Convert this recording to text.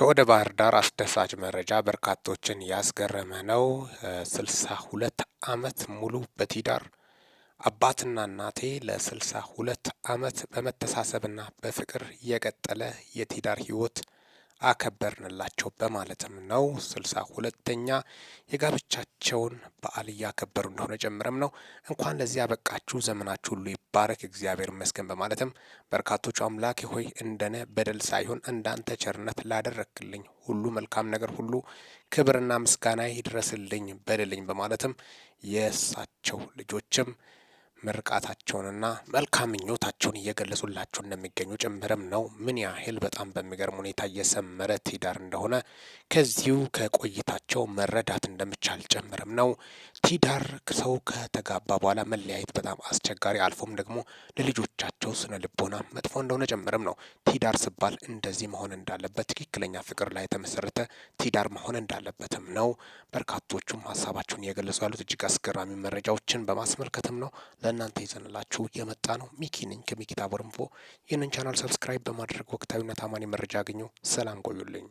ከወደ ባህር ዳር አስደሳች መረጃ በርካቶችን ያስገረመ ነው። ስልሳ ሁለት አመት ሙሉ በትዳር አባትና እናቴ ለስልሳ ሁለት አመት በመተሳሰብና በፍቅር የቀጠለ የትዳር ህይወት አከበርንላቸው በማለትም ነው ስልሳ ሁለተኛ የጋብቻቸውን በዓል እያከበሩ እንደሆነ ጨምረም ነው እንኳን ለዚህ ያበቃችሁ ዘመናችሁ ሁሉ ይባረክ እግዚአብሔር ይመስገን በማለትም በርካቶቹ አምላክ ሆይ እንደነ በደል ሳይሆን እንዳንተ ቸርነት ላደረክልኝ ሁሉ መልካም ነገር ሁሉ ክብርና ምስጋና ይድረስልኝ በደልኝ በማለትም የእሳቸው ልጆችም ምርቃታቸውንና መልካም ምኞታቸውን እየገለጹላቸው እንደሚገኙ ጭምርም ነው። ምን ያህል በጣም በሚገርም ሁኔታ እየሰመረ ትዳር እንደሆነ ከዚሁ ከቆይታቸው መረዳት እንደምቻል ጭምርም ነው። ትዳር ሰው ከተጋባ በኋላ መለያየት በጣም አስቸጋሪ አልፎም ደግሞ ለልጆቻቸው ስነ ልቦና መጥፎ እንደሆነ ጭምርም ነው። ትዳር ሲባል እንደዚህ መሆን እንዳለበት ትክክለኛ ፍቅር ላይ የተመሰረተ ትዳር መሆን እንዳለበትም ነው። በርካቶቹም ሀሳባቸውን እየገለጹ ያሉት እጅግ አስገራሚ መረጃዎችን በማስመልከትም ነው። ለእናንተ ይዘንላችሁ የመጣ ነው። ሚኪ ነኝ ከሚኪታ ቦርንፎ። ይህንን ቻናል ሰብስክራይብ በማድረግ ወቅታዊና ታማኝ መረጃ አገኙ። ሰላም ቆዩልኝ።